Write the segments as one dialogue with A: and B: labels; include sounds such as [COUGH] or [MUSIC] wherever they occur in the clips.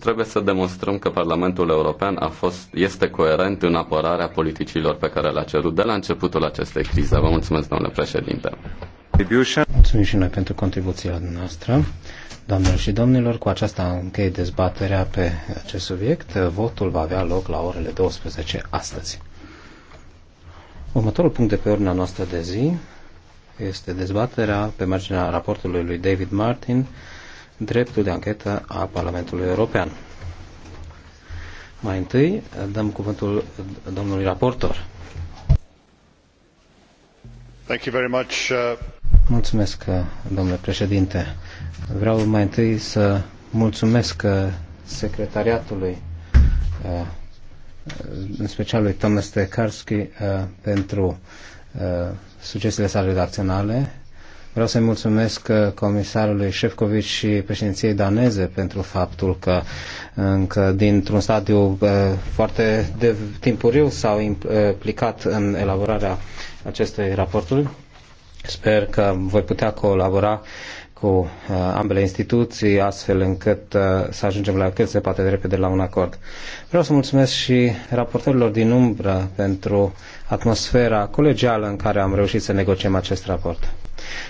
A: Trebuie să demonstrăm că Parlamentul European a fost, este coerent în apărarea politicilor pe care le-a cerut de la începutul acestei crize. Vă mulțumesc, domnule președinte. Mulțumim și noi pentru contribuția noastră. Doamnelor și domnilor, cu aceasta închei dezbaterea pe acest subiect. Votul va avea loc la orele 12 astăzi. Următorul punct de pe ordinea noastră de zi este dezbaterea pe marginea raportului lui David Martin dreptul de anchetă a Parlamentului European. Mai întâi dăm cuvântul domnului raportor.
B: Thank you very much. Uh,
A: mulțumesc, uh, domnule președinte. Vreau mai întâi să mulțumesc uh, secretariatului, în special lui Thomas Tekarski, pentru succesele sale redacționale Vreau să-i mulțumesc uh, comisarului Șefcovic și președinției daneze pentru faptul că uh, încă dintr-un stadiu uh, foarte de timpuriu s-au implicat în elaborarea acestui raportului. Sper că voi putea colabora cu uh, ambele instituții, astfel încât uh, să ajungem la cât se poate de repede la un acord. Vreau să mulțumesc și raportorilor din umbră pentru atmosfera colegială în care am reușit să negociem acest raport.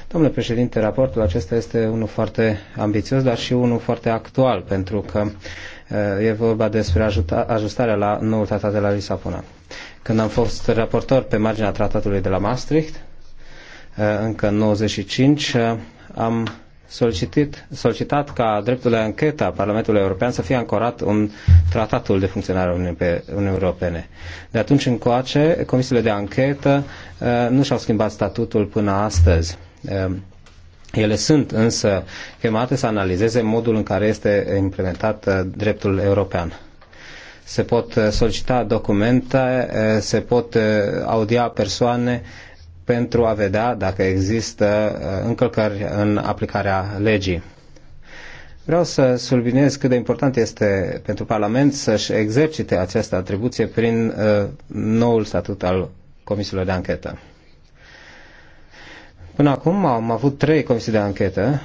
A: Domnule președinte, raportul acesta este unul foarte ambițios, dar și unul foarte actual, pentru că uh, e vorba despre ajustarea la noul tratat de la Lisabona. Când am fost raportor pe marginea tratatului de la Maastricht, încă în 95, am solicitat, solicitat ca dreptul la anchetă a Parlamentului European să fie ancorat în tratatul de funcționare a Uniunii Europene. De atunci încoace, comisiile de anchetă uh, nu și-au schimbat statutul până astăzi. Uh, ele sunt însă chemate să analizeze modul în care este implementat uh, dreptul european se pot solicita documente, se pot audia persoane pentru a vedea dacă există uh, încălcări în aplicarea legii. Vreau să subliniez cât de important este pentru Parlament să-și exercite această atribuție prin uh, noul statut al comisiilor de anchetă. Până acum am avut trei comisii de anchetă,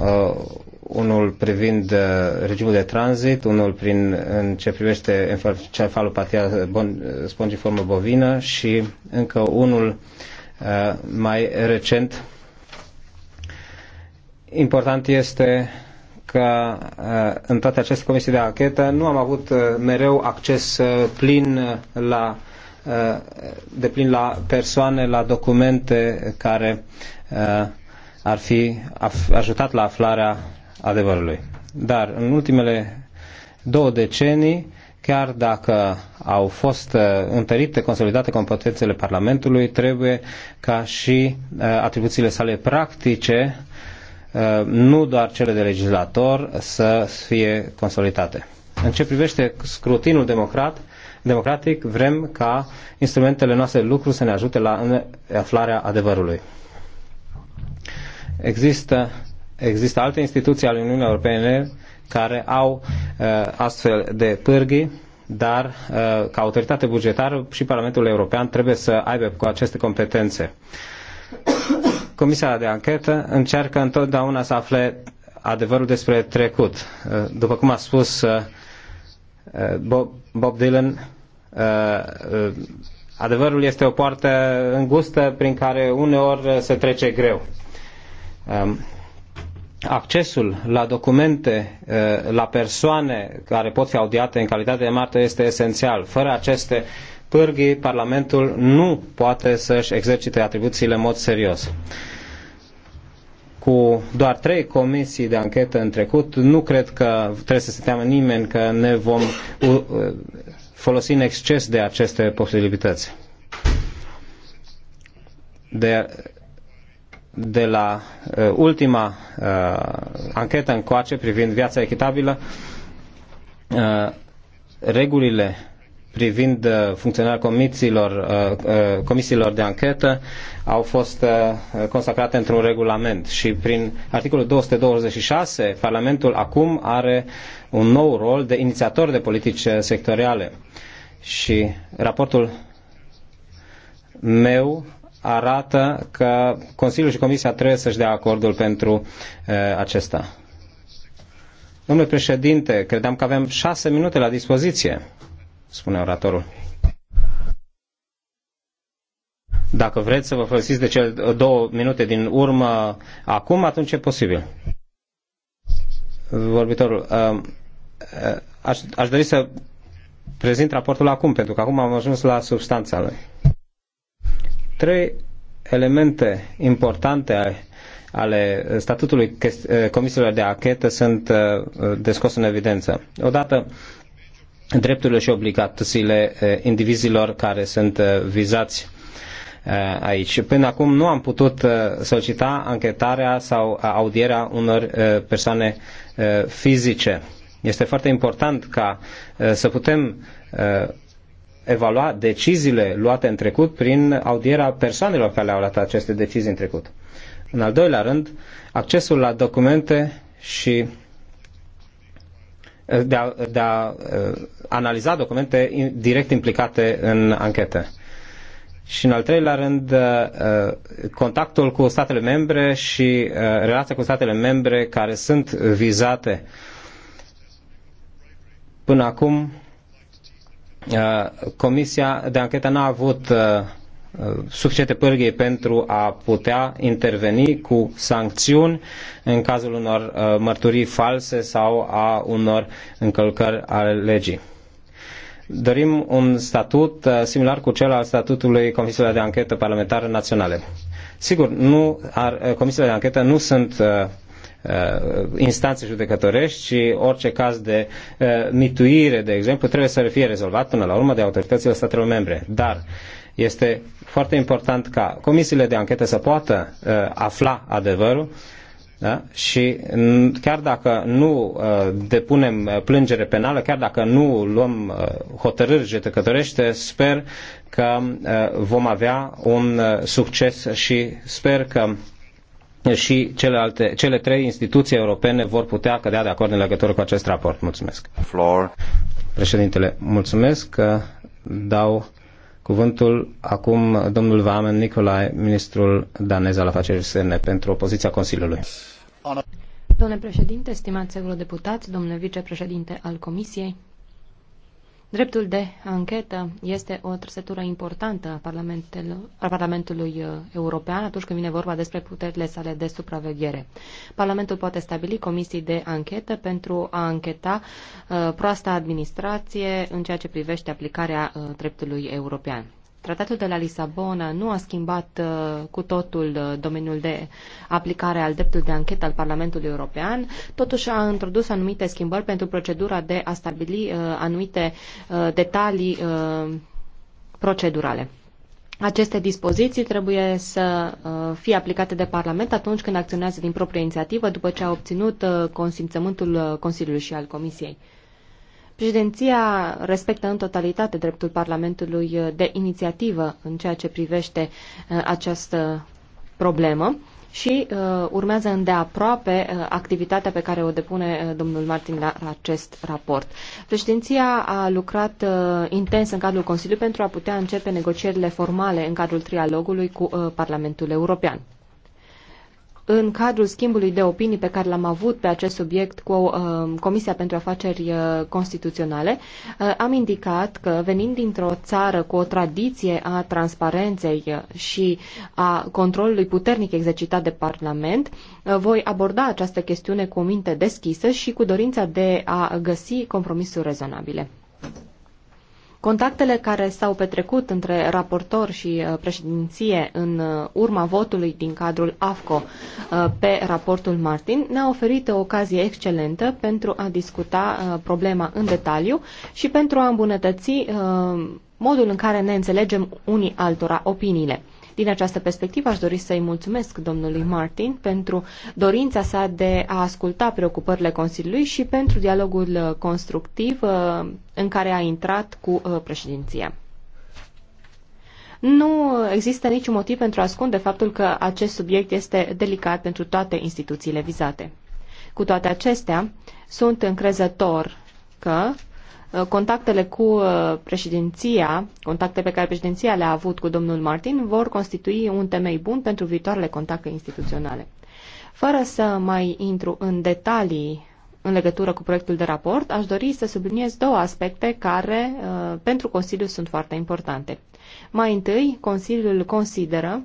A: uh, unul privind uh, regimul de tranzit, unul prin, în ce privește encefalopatia bon, uh, spongiformă bovină și încă unul uh, Uh, mai recent. Important este că uh, în toate aceste comisii de anchetă nu am avut uh, mereu acces plin la de plin la persoane, la documente care ar fi ajutat la aflarea adevărului. Dar în ultimele două decenii chiar dacă au fost uh, întărite, consolidate competențele Parlamentului, trebuie ca și uh, atribuțiile sale practice, uh, nu doar cele de legislator, să fie consolidate. În ce privește scrutinul democrat, democratic, vrem ca instrumentele noastre de lucru să ne ajute la aflarea adevărului. Există, există alte instituții ale Uniunii Europene care au uh, astfel de pârghii, dar uh, ca autoritate bugetară și Parlamentul European trebuie să aibă cu aceste competențe. [COUGHS] Comisia de anchetă încearcă întotdeauna să afle adevărul despre trecut. Uh, după cum a spus Bob Dylan, adevărul este o poartă îngustă prin care uneori se trece greu. Um, accesul la documente, eh, la persoane care pot fi audiate în calitate de martor este esențial. Fără aceste pârghii, Parlamentul nu poate să-și exercite atribuțiile în mod serios. Cu doar trei comisii de anchetă în trecut, nu cred că trebuie să se teamă nimeni că ne vom folosi în exces de aceste posibilități. De de la uh, ultima uh, anchetă coace privind viața echitabilă, uh, regulile privind uh, funcționarea comisiilor, uh, uh, comisiilor de anchetă au fost uh, consacrate într-un regulament și prin articolul 226 Parlamentul acum are un nou rol de inițiator de politici sectoriale și raportul meu arată că Consiliul și Comisia trebuie să-și dea acordul pentru uh, acesta. Domnule președinte, credeam că avem șase minute la dispoziție, spune oratorul. Dacă vreți să vă folosiți de cele două minute din urmă acum, atunci e posibil. Vorbitorul, uh, uh, aș, aș dori să prezint raportul acum, pentru că acum am ajuns la substanța lui. Trei elemente importante ale statutului eh, comisiilor de achetă sunt eh, descos în evidență. Odată, drepturile și obligațiile eh, indivizilor care sunt vizați aici. Până acum nu am putut solicita anchetarea sau audierea unor persoane fizice. Este foarte important ca să putem evalua deciziile luate în trecut prin audierea persoanelor care le-au luat aceste decizii în trecut. În al doilea rând, accesul la documente și eh, de a, de a eh, analiza documente direct implicate în anchetă. Și în al treilea rând, eh, contactul cu statele membre și relația cu statele membre care sunt vizate. Până acum, Uh, Comisia de anchetă n-a avut uh, uh, suficiente pârghii pentru a putea interveni cu sancțiuni în cazul unor mărturii false sau a unor încălcări ale legii. Dorim un statut similar cu cel al statutului Comisiei de Anchetă parlamentară Naționale. Sigur, nu ar, comisiile de anchetă nu sunt Uh, instanțe judecătorești și orice caz de uh, mituire, de exemplu, trebuie să fie rezolvat până la urmă de autoritățile statelor membre. Dar este foarte important ca comisiile de anchetă să poată uh, afla adevărul da? Și chiar dacă nu depunem plângere penală, chiar dacă nu luăm hotărâri judecătorește, sper că vom avea un succes și sper că și celelalte, cele trei instituții europene vor putea cădea de acord în legătură cu acest raport. Mulțumesc. Floor. Președintele, mulțumesc că dau cuvântul acum domnul Vamen Nicolae, ministrul danez al afacerilor externe, pentru opoziția Consiliului.
C: Domnule președinte, stimați eurodeputați, domnule vicepreședinte al Comisiei, Dreptul de anchetă este o trăsătură importantă a, a Parlamentului uh, European atunci când vine vorba despre puterile sale de supraveghere. Parlamentul poate stabili comisii de anchetă pentru a ancheta uh, proasta administrație în ceea ce privește aplicarea uh, dreptului european. Tratatul de la Lisabona nu a schimbat uh, cu totul uh, domeniul de aplicare al dreptului de anchetă al Parlamentului European, totuși a introdus anumite schimbări pentru procedura de a stabili uh, anumite detalii procedurale. Aceste dispoziții trebuie să fie aplicate de Parlament atunci când acționează din proprie inițiativă, după ce a obținut consimțământul Consiliului și al Comisiei. Președinția respectă în totalitate dreptul Parlamentului uh, de inițiativă în ceea ce privește uh, această problemă și uh, urmează îndeaproape uh, activitatea pe care o depune uh, domnul Martin la, la acest raport. Președinția a lucrat uh, intens în cadrul Consiliului pentru a putea începe negocierile formale în cadrul trialogului cu uh, Parlamentul European în cadrul schimbului de opinii pe care l-am avut pe acest subiect cu uh, Comisia pentru Afaceri uh, Constituționale, uh, am indicat că venind dintr-o țară cu o tradiție a transparenței uh, și a controlului puternic exercitat de Parlament, uh, voi aborda această chestiune cu o minte deschisă și cu dorința de a găsi compromisuri rezonabile. Contactele care s-au petrecut între raportor și uh, președinție în uh, urma votului din cadrul AFCO uh, pe raportul Martin ne-a oferit o ocazie excelentă pentru a discuta problema în detaliu și pentru a îmbunătăți modul în care ne înțelegem unii altora opiniile. Din această perspectivă aș dori să-i mulțumesc domnului Martin pentru dorința sa de a asculta preocupările Consiliului și pentru dialogul uh, constructiv uh, în care a intrat cu uh, președinția. Nu există niciun motiv pentru a ascunde faptul că acest subiect este delicat pentru toate instituțiile vizate. Cu toate acestea, sunt încrezător că Uh, contactele cu uh, președinția, contacte pe care președinția le-a avut cu domnul Martin, vor constitui un temei bun pentru viitoarele contacte instituționale. Fără să mai intru în detalii în legătură cu proiectul de raport, aș dori să subliniez două aspecte care uh, pentru Consiliu sunt foarte importante. Mai întâi, Consiliul consideră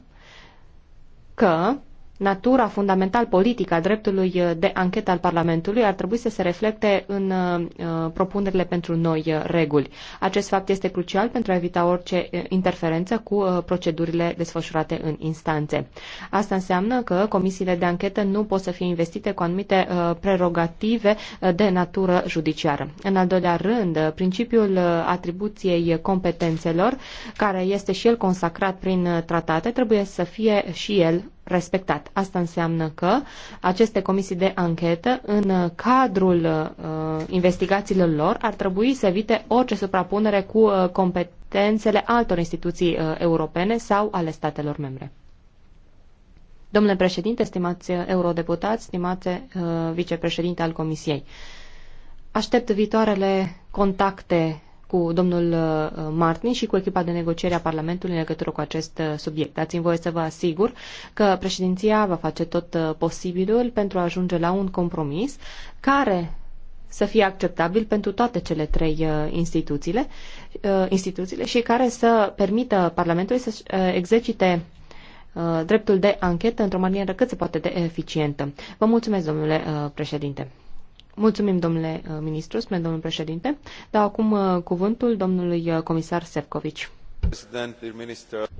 C: că natura fundamental politică a dreptului uh, de anchetă al Parlamentului ar trebui să se reflecte în uh, uh, propunerile pentru noi reguli. Acest fapt este crucial pentru a evita orice interferență cu procedurile desfășurate în instanțe. Asta înseamnă că comisiile de anchetă nu pot să fie investite cu anumite prerogative de natură judiciară. În al doilea rând, principiul atribuției competențelor, care este și el consacrat prin tratate, trebuie să fie și el respectat. Asta înseamnă că aceste comisii de anchetă, în cadrul uh, investigațiilor lor, ar trebui să evite orice suprapunere cu uh, competențele altor instituții uh, europene sau ale statelor membre. Domnule președinte, stimați uh, eurodeputați, stimate uh, vicepreședinte al Comisiei, aștept viitoarele contacte cu domnul uh, Martin și cu echipa de negociere a Parlamentului în legătură cu acest uh, subiect. Dați-mi voie să vă asigur că președinția va face tot uh, posibilul pentru a ajunge la un compromis care să fie acceptabil pentru toate cele trei instituțiile, instituțiile și care să permită Parlamentului să exercite dreptul de anchetă într-o manieră cât se poate de eficientă. Vă mulțumesc, domnule președinte. Mulțumim, domnule uh, ministru, spune domnul președinte. Dau acum uh, cuvântul domnului uh, comisar Sefcovici.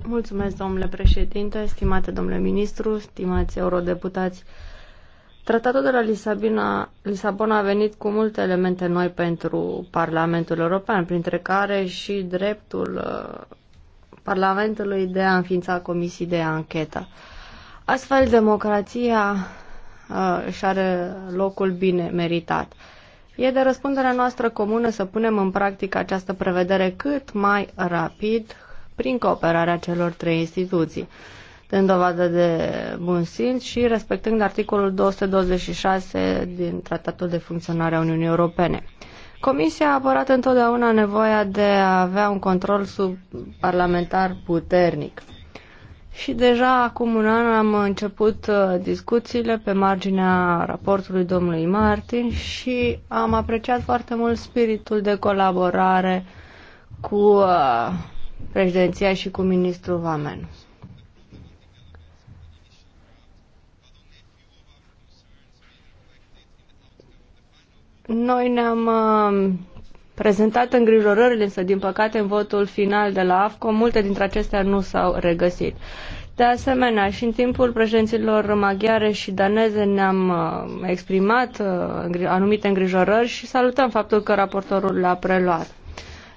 C: Mulțumesc, domnule președinte, stimate domnule ministru, stimați eurodeputați.
B: Tratatul de la Lisabona, Lisabona a venit cu multe elemente noi pentru Parlamentul European, printre care și dreptul Parlamentului de a înființa comisii de anchetă. Astfel, democrația uh, își are locul bine meritat. E de răspunderea noastră comună să punem în practică această prevedere cât mai rapid prin cooperarea celor trei instituții, dând dovadă de bun simț și respectând articolul 226 din Tratatul de Funcționare a Uniunii Europene. Comisia a apărat întotdeauna nevoia de a avea un control sub parlamentar puternic. Și deja acum un an am început uh, discuțiile pe marginea raportului domnului Martin și am apreciat foarte mult spiritul de colaborare cu uh, președinția și cu ministrul Vamen. Noi ne-am uh, prezentat îngrijorările, însă din păcate în votul final de la AFCO multe dintre acestea nu s-au regăsit. De asemenea, și în timpul președinților maghiare și daneze ne-am uh, exprimat uh, anumite îngrijorări și salutăm faptul că raportorul l-a preluat.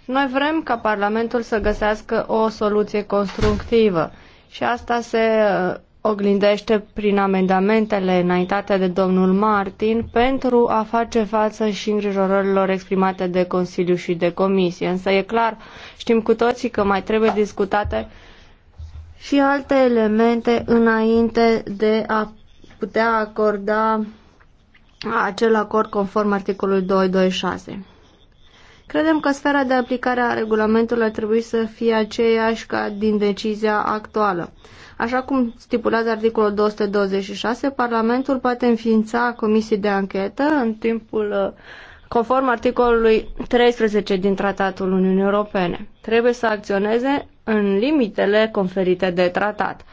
B: Noi vrem ca Parlamentul să găsească o soluție constructivă și asta se uh, oglindește prin amendamentele înaintate de domnul Martin pentru a face față și îngrijorărilor exprimate de Consiliu și de Comisie. Însă e clar, știm cu toții că mai trebuie discutate și alte elemente înainte de a putea acorda acel acord conform articolului 226. Credem că sfera de aplicare a regulamentului ar trebui să fie aceeași ca din decizia actuală. Așa cum stipulează articolul 226, Parlamentul poate înființa comisii de anchetă în timpul conform articolului 13 din Tratatul Uniunii Europene. Trebuie să acționeze în limitele conferite de tratat.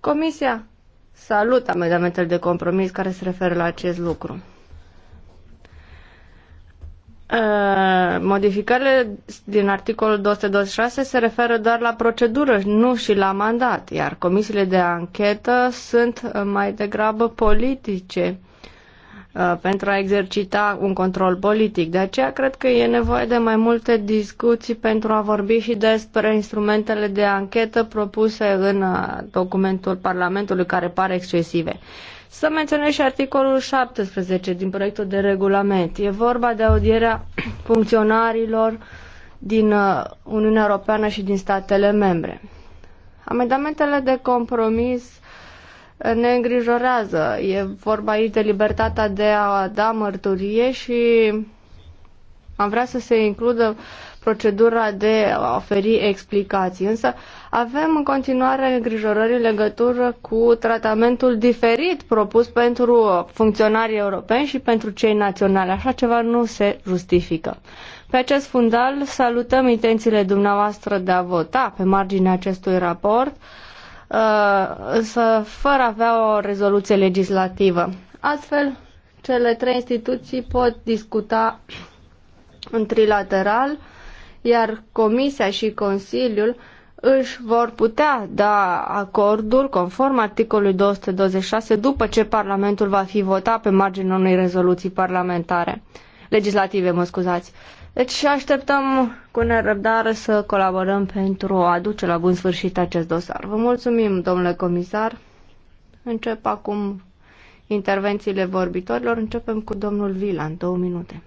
B: Comisia salută amendamentele de compromis care se referă la acest lucru. Uh, modificările din articolul 226 se referă doar la procedură, nu și la mandat, iar comisiile de anchetă sunt mai degrabă politice uh, pentru a exercita un control politic. De aceea cred că e nevoie de mai multe discuții pentru a vorbi și despre instrumentele de anchetă propuse în uh, documentul Parlamentului care pare excesive. Să menționez și articolul 17 din proiectul de regulament. E vorba de audierea [CLEARS THROAT] funcționarilor din uh, Uniunea Europeană și din statele membre. Amendamentele de compromis uh, ne îngrijorează. E vorba aici de libertatea de a da mărturie și am vrea să se includă uh, procedura de a oferi explicații. Însă avem în continuare îngrijorări în legătură cu tratamentul diferit propus pentru funcționarii europeni și pentru cei naționali. Așa ceva nu se justifică. Pe acest fundal salutăm intențiile dumneavoastră de a vota pe marginea acestui raport, uh, însă fără a avea o rezoluție legislativă. Astfel, cele trei instituții pot discuta în trilateral iar Comisia și Consiliul își vor putea da acordul conform articolului 226 după ce Parlamentul va fi votat pe marginea unei rezoluții parlamentare legislative, mă scuzați. Deci așteptăm cu nerăbdare să colaborăm pentru a duce la bun sfârșit acest dosar. Vă mulțumim, domnule comisar. Încep acum intervențiile vorbitorilor. Începem cu domnul Vilan, două minute.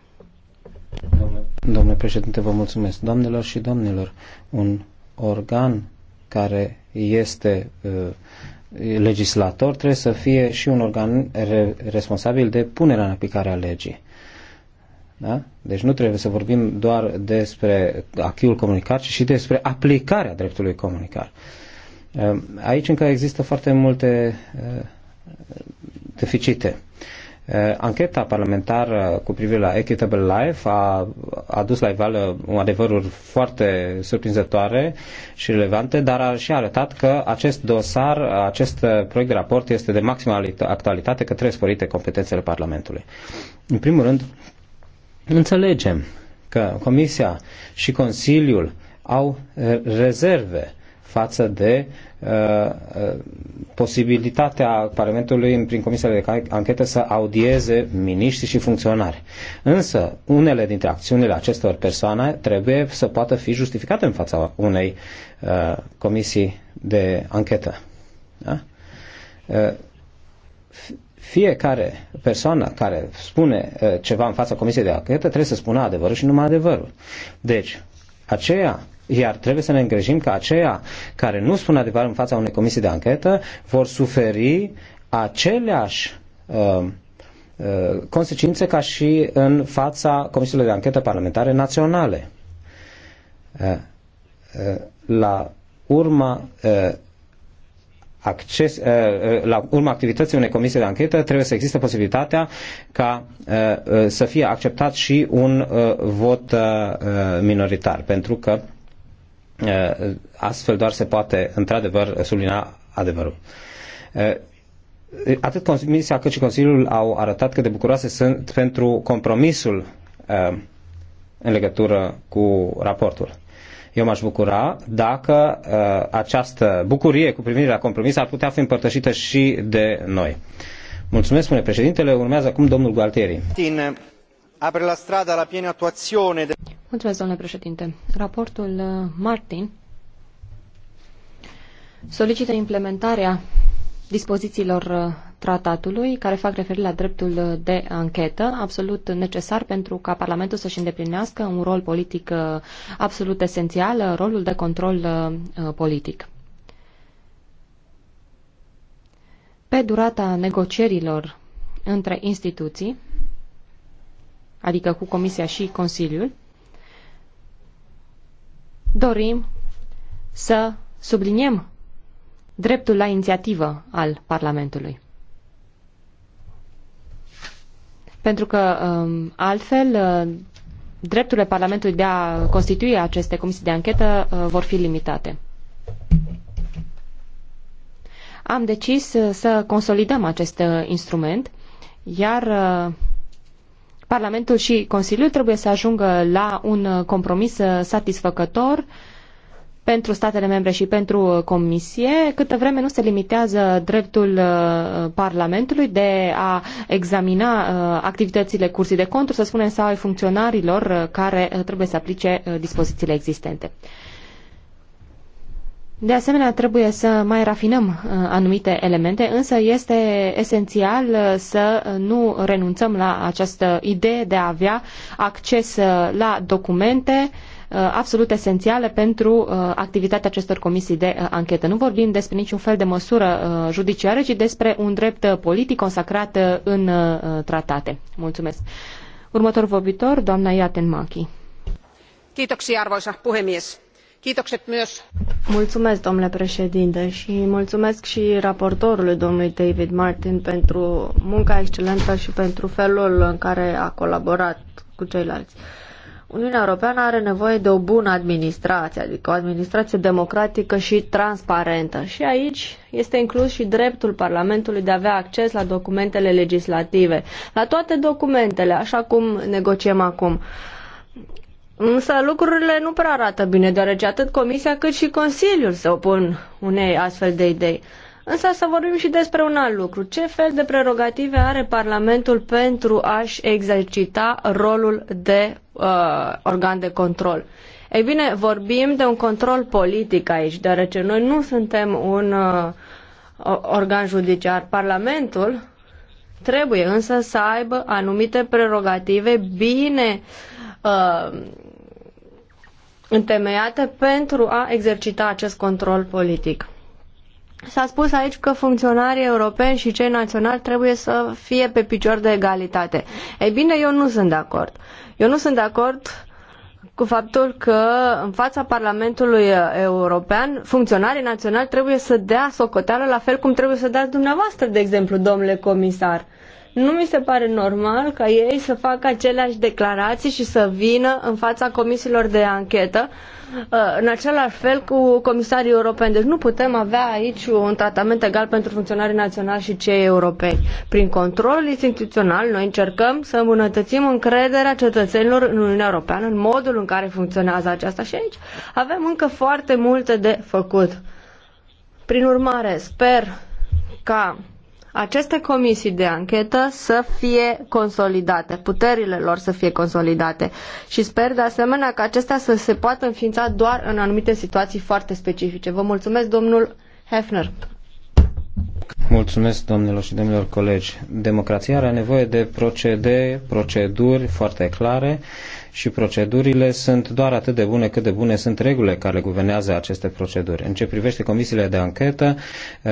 A: Domnule. Domnule președinte, vă mulțumesc. Doamnelor și domnilor, un organ care este uh, legislator trebuie să fie și un organ re- responsabil de punerea în aplicare a legii. Da? Deci nu trebuie să vorbim doar despre achiul comunicar, ci și despre aplicarea dreptului comunicar. Uh, aici încă există foarte multe uh, deficite. Uh, Eh, ancheta parlamentară cu privire la Equitable Life a adus la iveală adevăruri foarte surprinzătoare și relevante, dar a și arătat că acest dosar, acest proiect de raport este de maximă actualitate că trebuie sporite competențele Parlamentului. În primul rând, înțelegem că Comisia și Consiliul au eh, rezerve față de uh, uh, posibilitatea Parlamentului prin comisia de anchetă să audieze miniștri și funcționari. Însă, unele dintre acțiunile acestor persoane trebuie să poată fi justificate în fața unei uh, comisii de anchetă. Da? Uh, fiecare persoană care spune uh, ceva în fața comisiei de anchetă trebuie să spună adevărul și numai adevărul. Deci, aceea iar trebuie să ne îngrijim că aceia care nu spun adevărul în fața unei comisii de anchetă vor suferi aceleași uh, uh consecințe ca și în fața comisiilor de anchetă parlamentare naționale. Uh, uh, la urma acces, la urma activității unei comisii de anchetă trebuie să existe posibilitatea ca să fie acceptat și un vot minoritar, pentru că Eh, astfel doar se poate, într-adevăr, sublina adevărul. Eh, atât Comisia cât și Consiliul au arătat cât de bucuroase sunt pentru compromisul eh, în legătură cu raportul. Eu m-aș bucura dacă uh, această bucurie cu privire la compromis ar putea fi împărtășită și de noi. Mulțumesc, spune președintele. Urmează acum domnul Gualtieri. Tine apre la strada la piena attuazione de...
C: Mulțumesc, domnule președinte. Raportul uh, Martin solicită implementarea dispozițiilor uh, tratatului care fac referire la dreptul uh, de anchetă, absolut necesar pentru ca Parlamentul să-și îndeplinească un rol politic absolut esențial, rolul de control politic. Pe durata negocierilor între instituții, adică cu Comisia și Consiliul, dorim să subliniem dreptul la inițiativă al Parlamentului. Pentru că um, altfel uh, drepturile Parlamentului de a constitui aceste comisii de anchetă uh, vor fi limitate. Am decis uh, să consolidăm acest instrument, iar Parlamentul și Consiliul trebuie să ajungă la un compromis uh, satisfăcător pentru statele membre și pentru uh, Comisie, câtă vreme nu se limitează dreptul uh, Parlamentului de a examina activitățile cursii de conturi, să spunem, sau ai funcționarilor care trebuie să aplice dispozițiile existente. De asemenea, trebuie să mai rafinăm uh, anumite elemente, însă este esențial uh, să nu renunțăm la această idee de a avea acces uh, la documente absolut esențiale pentru activitatea acestor comisii de anchetă. Nu vorbim despre niciun fel de măsură judiciară, ci despre un drept politic consacrat în tratate. Mulțumesc. Următor vorbitor, doamna Iaten Machi. Kiitoksia, arvoisa puhemies Mulțumesc, domnule
B: președinte, și mulțumesc și raportorului domnului David Martin pentru munca excelentă și pentru felul în care a colaborat cu ceilalți. Uniunea Europeană are nevoie de o bună administrație, adică o administrație democratică și transparentă. Și aici este inclus și dreptul Parlamentului de a avea acces la documentele legislative, la toate documentele, așa cum negociem acum. Însă lucrurile nu prea arată bine, deoarece atât Comisia cât și Consiliul se opun unei astfel de idei. Însă să vorbim și despre un alt lucru. Ce fel de prerogative are Parlamentul pentru a-și exercita rolul de uh, organ de control? Ei bine, vorbim de un control politic aici, deoarece noi nu suntem un uh, organ judiciar. Parlamentul trebuie însă să aibă anumite prerogative bine uh, întemeiate pentru a exercita acest control politic. S-a spus aici că funcționarii europeni și cei naționali trebuie să fie pe picior de egalitate. Ei bine, eu nu sunt de acord. Eu nu sunt de acord cu faptul că în fața Parlamentului European funcționarii naționali trebuie să dea socoteală la fel cum trebuie să dați dumneavoastră, de exemplu, domnule comisar. Uh, nu mi se pare normal ca ei să facă aceleași declarații și să vină în fața comisiilor de anchetă uh, în același fel cu comisarii europeni. Deci nu putem avea aici un tratament egal pentru funcționarii naționali și cei europeni. Prin control instituțional noi încercăm să îmbunătățim încrederea cetățenilor în Uniunea Europeană, în modul în care funcționează aceasta și aici avem încă foarte multe de făcut. Prin urmare, sper ca aceste comisii de anchetă să fie consolidate, puterile lor să fie consolidate și sper de asemenea că acestea să se poată înființa doar în anumite situații foarte specifice. Vă mulțumesc, domnul Hefner.
A: Mulțumesc, domnilor și domnilor colegi. Democrația are nevoie de procede, proceduri foarte clare și procedurile sunt doar atât de bune cât de bune sunt regulile care guvernează aceste proceduri. În ce privește comisiile de anchetă, eh,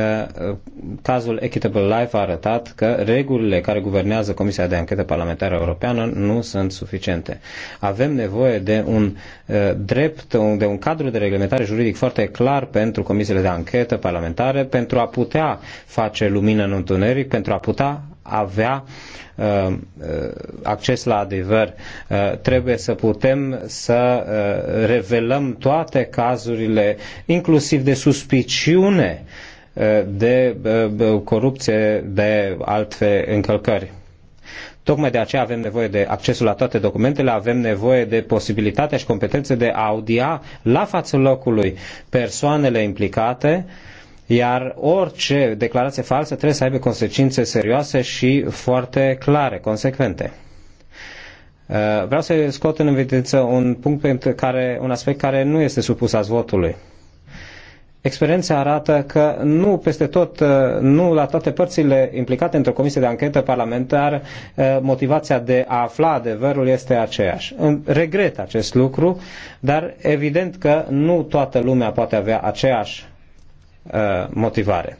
A: cazul Equitable Life a arătat că regulile care guvernează Comisia de Anchetă Parlamentară Europeană nu sunt suficiente. Avem nevoie de un eh, drept, de un cadru de reglementare juridic foarte clar pentru comisiile de anchetă parlamentare pentru a putea face lumină în întuneric, pentru a putea avea uh, uh, acces la adevăr. Uh, trebuie să putem să revelăm toate cazurile, inclusiv de suspiciune de corupție, de alte încălcări. Tocmai de aceea avem nevoie de accesul la toate documentele, avem nevoie de posibilitatea și competențe de a audia la fața locului persoanele implicate uh, iar orice declarație falsă trebuie să aibă consecințe serioase și foarte clare, consecvente. Uh, vreau să scot în evidență un punct pentru care, un aspect care nu este supus a votului. Experiența arată că nu peste tot, uh, nu la toate părțile implicate într-o comisie de anchetă parlamentară, uh, motivația de a afla adevărul este aceeași. Regret acest lucru, dar evident că nu toată lumea poate avea aceeași Uh, motivare.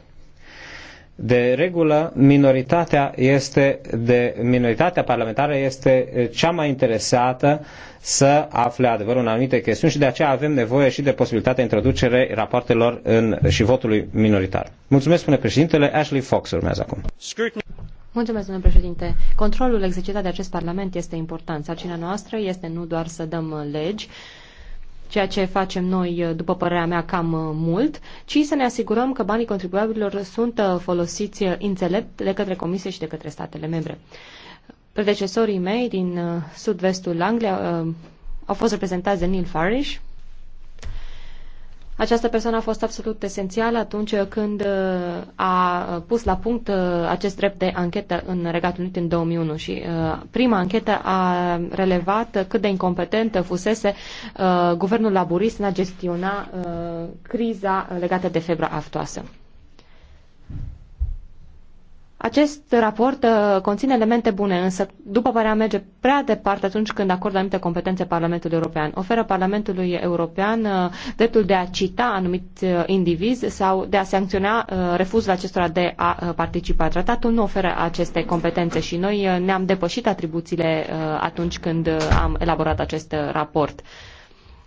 A: De regulă, minoritatea, este de, minoritatea parlamentară este cea mai interesată să afle adevărul în anumite chestiuni și de aceea avem nevoie și de posibilitatea introducere rapoartelor în, și votului minoritar. Mulțumesc, spune președintele. Ashley Fox urmează acum.
C: Mulțumesc, domnule președinte. Controlul exercitat de acest Parlament este important. Sarcina noastră este nu doar să dăm legi, ceea ce facem noi, eh, după părerea mea, cam eh, mult, ci să ne asigurăm că banii contribuabililor sunt eh, folosiți înțelept de către Comisie și de către statele membre. Predecesorii mei din sud-vestul Angliei au fost reprezentați de Neil Farish, această persoană a fost absolut esențială atunci când uh, a pus la punct uh, acest drept de anchetă în Regatul Unit în 2001 și uh, prima anchetă a relevat cât de incompetent fusese guvernul laburist în a gestiona criza legată de febra aftoasă. Acest raport uh, conține elemente bune, însă, după părerea merge prea departe atunci când acordă anumite competențe Parlamentului European. Oferă Parlamentului European uh, dreptul de a cita anumit uh, indivizi sau de a sancționa uh, refuzul acestora de a uh, participa. Tratatul nu oferă aceste competențe și noi uh, ne-am depășit atribuțiile uh, atunci când uh, am elaborat acest uh, raport.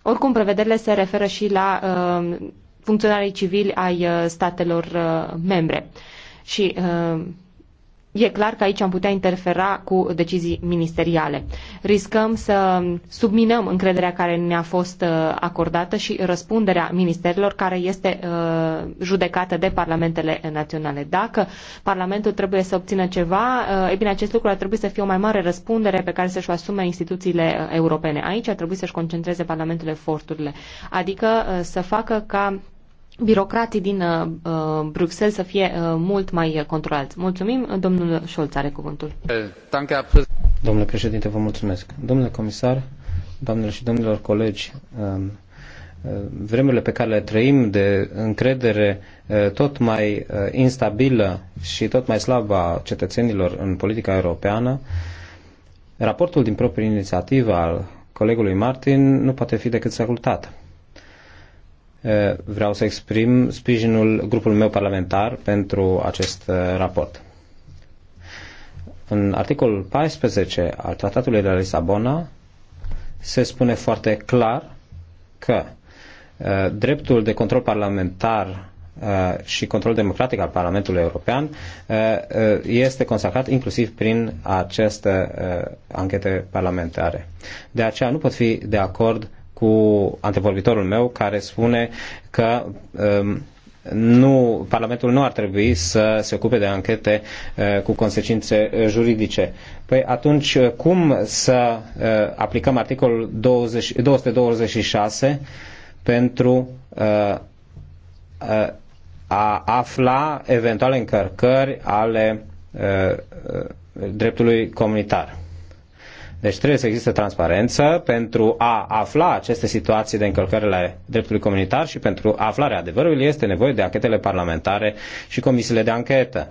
C: Oricum, prevederile se referă și la uh, funcționarii civili ai uh, statelor uh, membre. Și uh, E clar că aici am putea interfera cu decizii ministeriale. Riscăm să subminăm încrederea care ne-a fost uh, acordată și răspunderea ministerilor care este uh, judecată de parlamentele naționale. Dacă Parlamentul trebuie să obțină ceva, uh, e bine, acest lucru ar trebui să fie o mai mare răspundere pe care să-și o asume instituțiile europene. Aici ar trebui să-și concentreze Parlamentul eforturile, adică să facă ca birocrații din uh, uh, Bruxelles să fie uh, mult mai controlați. Mulțumim, domnul Șolț are
A: cuvântul. Domnule președinte, vă mulțumesc. Domnule comisar, doamnelor și domnilor colegi, um, uh, vremurile pe care le trăim de încredere uh, tot mai instabilă și tot mai slabă a cetățenilor în politica europeană, raportul din proprie inițiativă al colegului Martin nu poate fi decât salutat Eh, vreau să exprim sprijinul grupului meu parlamentar pentru acest eh, raport. În articolul 14 al Tratatului de la Lisabona se spune foarte clar că eh, dreptul de control parlamentar și control democratic al Parlamentului European este consacrat inclusiv prin aceste anchete parlamentare. De aceea nu pot fi de acord cu antevorbitorul meu care spune că um, nu, Parlamentul nu ar trebui să se ocupe de anchete uh, cu consecințe juridice. Păi atunci uh, cum să uh, aplicăm articolul 20, 226 pentru a afla eventuale încărcări ale dreptului comunitar? Deci trebuie să existe transparență pentru a afla aceste situații de încălcări ale dreptului comunitar și pentru aflarea adevărului este nevoie de anchetele parlamentare și comisiile de anchetă.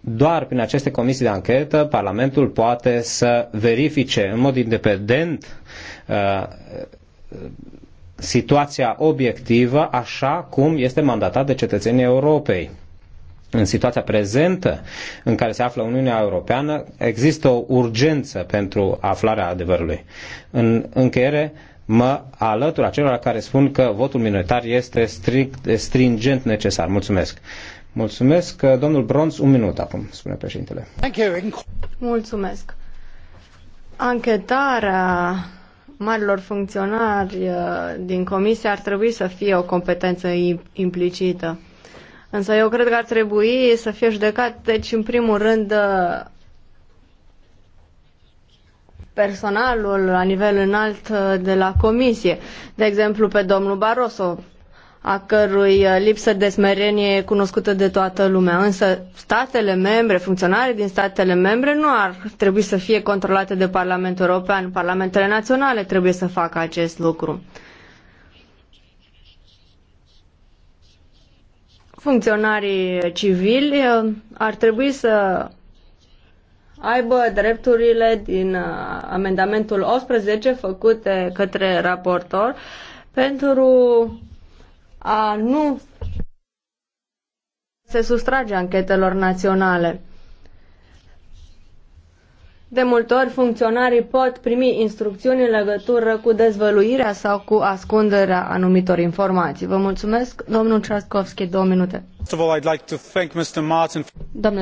A: Doar prin aceste comisii de anchetă Parlamentul poate să verifice în mod independent uh, situația obiectivă așa cum este mandatat de cetățenii Europei în situația prezentă în care se află Uniunea Europeană, există o urgență pentru aflarea adevărului. În încheiere, mă alătur acelora care spun că votul minoritar este strict, stringent necesar. Mulțumesc. Mulțumesc. Domnul Bronz, un minut acum, spune președintele.
B: Mulțumesc. Anchetarea marilor funcționari uh, din comisie ar trebui să fie o competență implicită. Însă eu cred că ar trebui să fie judecat, deci, în primul rând, uh, personalul la nivel înalt uh, de la comisie. De exemplu, pe domnul Barroso, a cărui uh, lipsă de smerenie e cunoscută de toată lumea. Însă statele membre, funcționarii din statele membre nu ar trebui să fie controlate de Parlamentul European. Parlamentele naționale trebuie să facă acest lucru. funcționarii civili uh, ar trebui să aibă drepturile din uh, amendamentul 18 făcute către raportor pentru a nu se sustrage anchetelor naționale. De multe ori, funcționarii pot primi instrucțiuni în legătură cu dezvăluirea sau cu ascunderea anumitor informații. Vă mulțumesc, domnul Ceascovski, două minute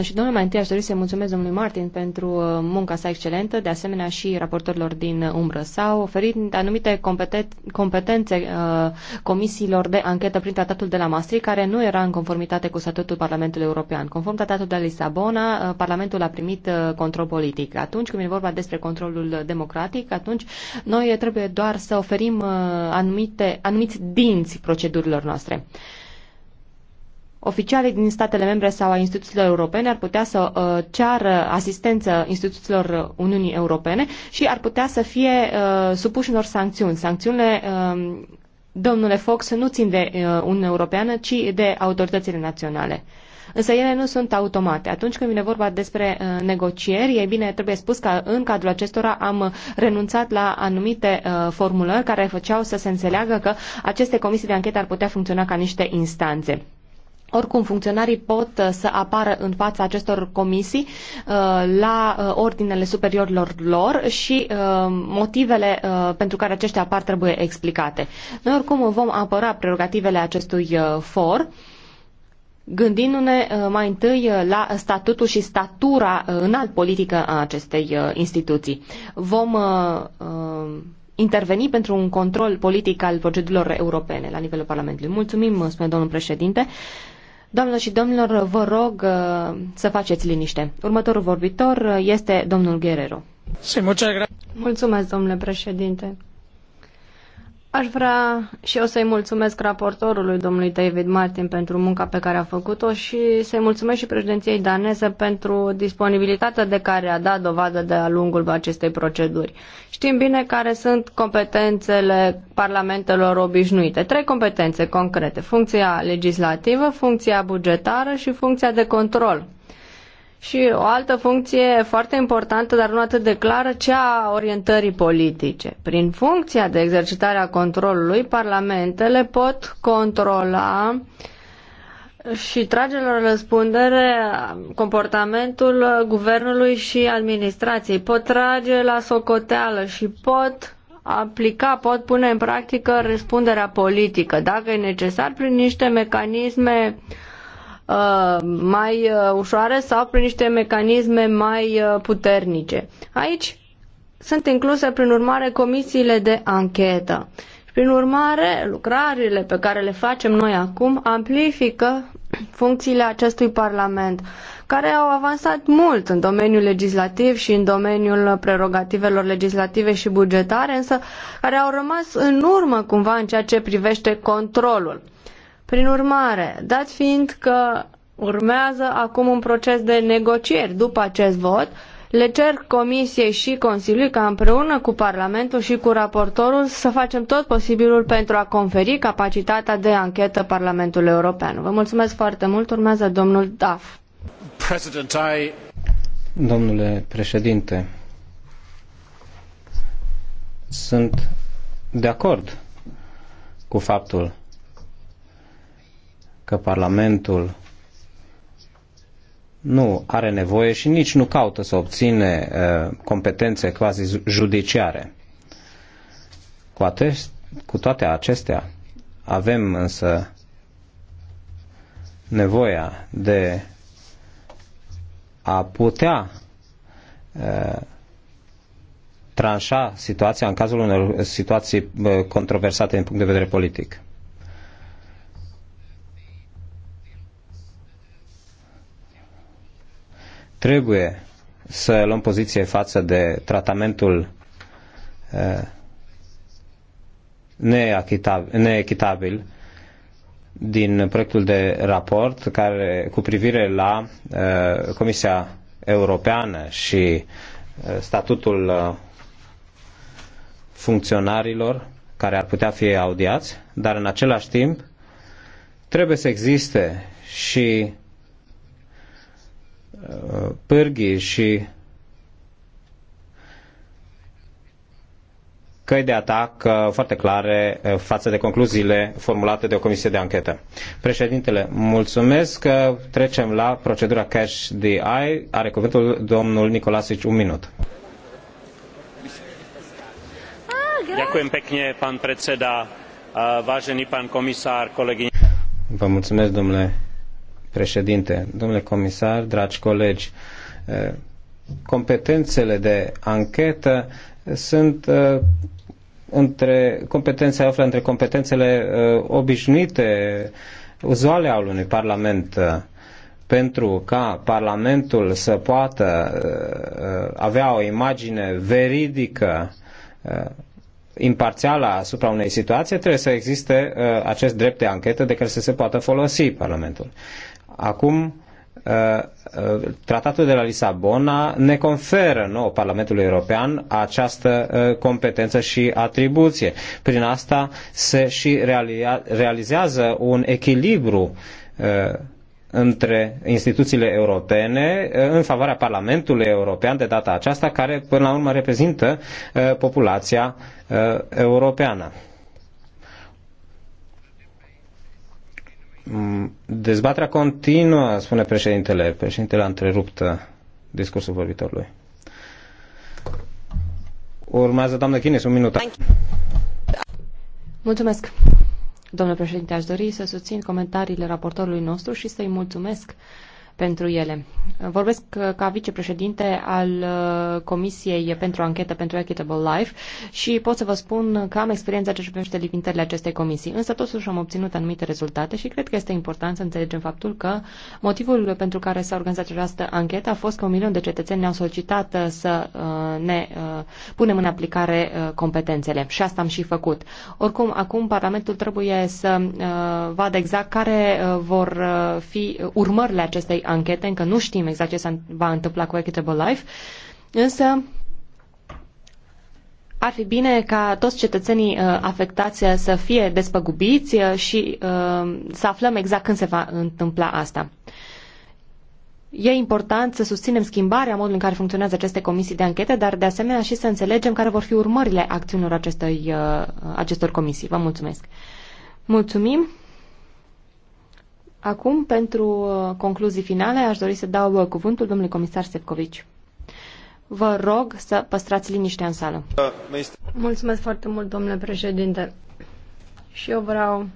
C: și domnilor, mai întâi aș dori să-i mulțumesc domnului Martin pentru uh, munca sa excelentă, de asemenea și raportorilor din umbră. S-au oferit anumite competențe uh, comisiilor de anchetă prin tratatul de la Maastricht, care nu era în conformitate cu statutul Parlamentului European. Conform tratatul de la Lisabona, uh, Parlamentul a primit uh, control politic. Atunci când e vorba despre controlul democratic, atunci noi trebuie doar să oferim uh, anumite, anumiți dinți procedurilor noastre oficialii din statele membre sau a instituțiilor europene ar putea să uh, ceară asistență instituțiilor Uniunii Europene și ar putea să fie uh, supuși unor sancțiuni. Sancțiunile, uh, domnule Fox, nu țin de uh, Uniunea Europeană, ci de autoritățile naționale. Însă ele nu sunt automate. Atunci când vine vorba despre uh, negocieri, e bine, trebuie spus că în cadrul acestora am renunțat la anumite uh, formulări care făceau să se înțeleagă că aceste comisii de anchetă ar putea funcționa ca niște instanțe. Oricum, funcționarii pot uh, să apară în fața acestor comisii uh, la uh, ordinele superiorilor lor și motivele pentru care aceștia apar trebuie explicate. Noi oricum vom apăra prerogativele acestui for gândindu-ne mai întâi la statutul și statura înalt politică a acestei instituții. Vom interveni pentru un control politic al procedurilor europene la nivelul Parlamentului. Mulțumim, spune domnul președinte. Doamnelor și domnilor, vă rog uh, să faceți liniște. Următorul vorbitor uh, este domnul Guerrero.
B: Mulțumesc, domnule președinte. Aș vrea și eu să-i mulțumesc raportorului, domnului David Martin, pentru munca pe care a făcut-o și să-i mulțumesc și președinției daneze pentru disponibilitatea de care a dat dovadă de-a lungul acestei proceduri. Știm bine care sunt competențele parlamentelor obișnuite. Trei competențe concrete. Funcția legislativă, funcția bugetară și funcția de control și o altă funcție foarte importantă, dar nu atât de clară, cea a orientării politice. Prin funcția de exercitare a controlului, parlamentele pot controla și trage la răspundere comportamentul guvernului și administrației. Pot trage la socoteală și pot aplica, pot pune în practică răspunderea politică, dacă e necesar, prin niște mecanisme uh, Uh, mai uh, ușoare sau prin niște mecanisme mai uh, puternice. Aici sunt incluse, prin urmare, comisiile de anchetă. Prin urmare, lucrările pe care le facem noi acum amplifică [CLEARS THROAT] funcțiile acestui Parlament, care au avansat mult în domeniul legislativ și în domeniul prerogativelor legislative și bugetare, însă care au rămas în urmă cumva în ceea ce privește controlul. Prin urmare, dat fiind că urmează acum un proces de negocieri după acest vot, le cer Comisiei și Consiliului ca împreună cu Parlamentul și cu raportorul să facem tot posibilul pentru a conferi capacitatea de anchetă Parlamentului European. Vă mulțumesc foarte mult. Urmează domnul Daf.
A: I... Domnule președinte, sunt de acord cu faptul că Parlamentul nu are nevoie și nici nu caută să obține uh, competențe quasi judiciare. Cu, cu toate acestea, avem însă nevoia de a putea uh, tranșa situația în cazul unor situații uh, controversate din punct de vedere politic. Trebuie să luăm poziție față de tratamentul eh, neechitabil din proiectul de raport care, cu privire la eh, Comisia Europeană și eh, statutul funcționarilor care ar putea fi audiați, dar în același timp trebuie să existe și pârghii și căi de atac uh, foarte clare uh, față de concluziile formulate de o comisie de anchetă. Președintele, mulțumesc. Uh, trecem la procedura cash DI. Are cuvântul domnul Nicolasici un minut. Ďakujem pekne, pán predseda, vážený pán komisár, kolegyne. Vă mulțumesc, domnule președinte, domnule comisar, dragi colegi, eh, competențele de anchetă sunt eh, între competențe află între competențele eh, obișnuite, uzuale al unui parlament pentru ca Parlamentul să poată avea o imagine veridică imparțială asupra unei situații, trebuie să existe uh, acest drept de anchetă de care să se poată folosi Parlamentul. Acum, uh, uh, Tratatul de la Lisabona ne conferă nouă Parlamentului European această uh, competență și atribuție. Prin asta se și realizează un echilibru între instituțiile europene în favoarea Parlamentului European de data aceasta, care până la urmă reprezintă populația europeană. Mm, dezbaterea continuă, spune președintele. Președintele a întrerupt uh, discursul vorbitorului. Urmează doamna Chines, un minut.
C: Mulțumesc. Domnule președinte, aș dori să susțin comentariile raportorului nostru și să-i mulțumesc uh, pentru ele. Vorbesc ca vicepreședinte al uh, Comisiei pentru Anchetă pentru Equitable Life și pot să vă spun că am experiența ce privește limitările acestei comisii, însă totuși am obținut anumite rezultate și cred că este important să înțelegem faptul că motivul pentru care s-a organizat această anchetă a fost că un milion de cetățeni ne-au solicitat uh, să uh, ne punem în aplicare competențele și asta am și făcut. Oricum, acum Parlamentul trebuie să vadă exact care vor fi urmările acestei anchete, încă nu știm exact ce se va întâmpla cu Equitable Life, însă ar fi bine ca toți cetățenii uh, afectați uh, să fie despăgubiți uh, și uh, să aflăm exact când se va întâmpla asta. E important să susținem schimbarea modului în care funcționează aceste comisii de anchete, dar de asemenea și să înțelegem care vor fi urmările acțiunilor acestei, uh, acestor comisii. Vă mulțumesc! Mulțumim! Acum, pentru uh, concluzii finale, aș dori să dau uh, cuvântul domnului comisar Stepcovici. Vă rog să păstrați liniștea în sală. Mulțumesc foarte mult, domnule președinte.
B: Și eu vreau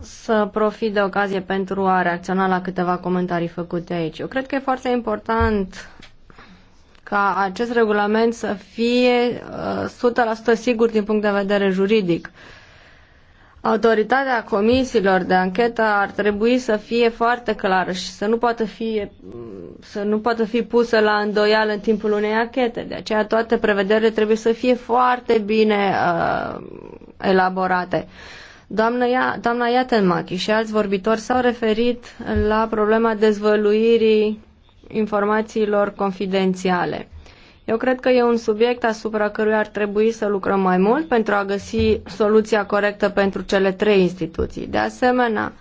B: să profit de ocazie pentru a reacționa la câteva comentarii făcute aici. Eu cred că e foarte important ca acest regulament să fie uh, 100% sigur din punct de vedere juridic. Autoritatea comisiilor de anchetă ar trebui să fie foarte clară și să nu poată fi, să nu poată fi pusă la îndoială în timpul unei anchete. De aceea toate prevederile trebuie să fie foarte bine uh, elaborate. Doamna, Ia, doamna Iatenmachi și alți vorbitori s-au referit la problema dezvăluirii informațiilor confidențiale. Eu cred că e un subiect asupra căruia ar trebui să lucrăm mai mult pentru a găsi soluția corectă pentru cele trei instituții. De asemenea,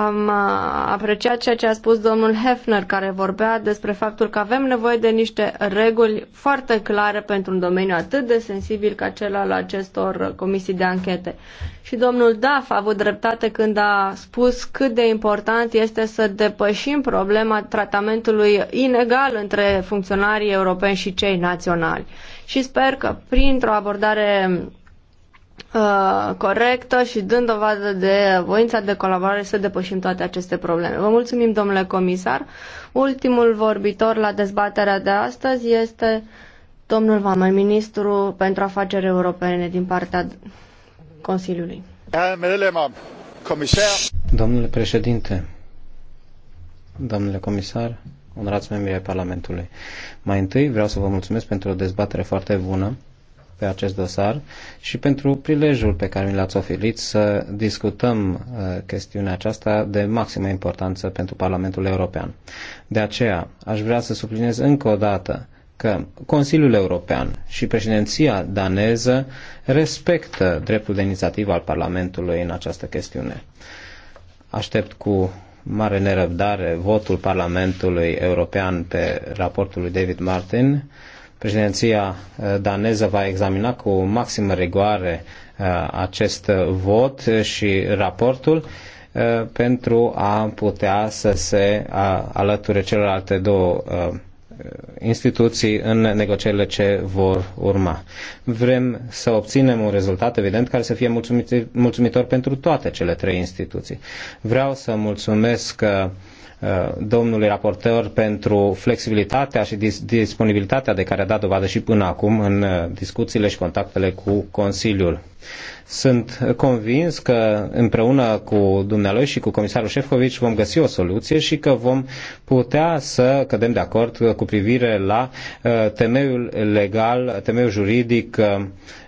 B: am uh, apreciat ceea ce a spus domnul Hefner, care vorbea despre faptul că avem nevoie de niște reguli foarte clare pentru un domeniu atât de sensibil ca cel al acestor comisii de anchete. Și domnul Daf a avut dreptate când a spus cât de important este să depășim problema tratamentului inegal între funcționarii europeni și cei naționali. Și sper că printr-o abordare uh, corectă și dând dovadă de voința de colaborare să depășim toate aceste probleme. Vă mulțumim, domnule comisar. Ultimul vorbitor la dezbaterea de astăzi este domnul Vamer, ministru pentru afaceri europene din partea Consiliului.
A: Domnule președinte, domnule comisar, onorați membri ai Parlamentului, mai întâi vreau să vă mulțumesc pentru o dezbatere foarte bună pe acest dosar și pentru prilejul pe care mi l-ați oferit să discutăm uh, chestiunea aceasta de maximă importanță pentru Parlamentul European. De aceea, aș vrea să subliniez încă o dată că Consiliul European și președinția daneză respectă dreptul de inițiativă al Parlamentului în această chestiune. Aștept cu mare nerăbdare votul Parlamentului European pe raportul lui David Martin Președinția eh, daneză va examina cu maximă rigoare eh, acest eh, vot și raportul pentru a putea să se alăture celorlalte două instituții în negocierile ce vor urma. Vrem să obținem un rezultat, evident, care să fie mulțumitor, pentru toate cele trei instituții. Vreau să mulțumesc uh, domnului raportor pentru flexibilitatea și disponibilitatea de care a dat dovadă și până acum în uh, discuțiile și contactele cu Consiliul. Sunt convins că împreună cu dumnealui și cu comisarul Șefcovici vom găsi o soluție și că vom putea să cădem de acord cu privire la uh, temeiul legal, temeiul juridic uh,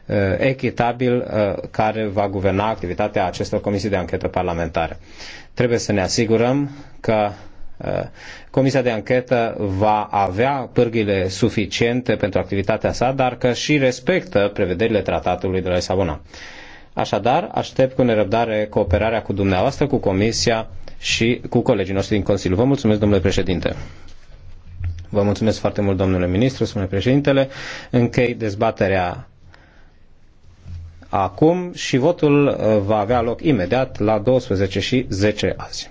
A: uh, echitabil care va guverna activitatea acestor comisii de anchetă parlamentare. Trebuie să ne asigurăm că Uh, Comisia de anchetă va avea pârghile suficiente pentru activitatea sa, dar că și respectă prevederile tratatului de la Lisabona. Așadar, aștept cu nerăbdare cooperarea cu dumneavoastră, cu Comisia și cu colegii noștri din Consiliu. Vă mulțumesc, domnule președinte. Vă mulțumesc foarte mult, domnule ministru, domnule președintele. Închei dezbaterea acum și votul uh, va avea loc imediat la 12 și 10 azi.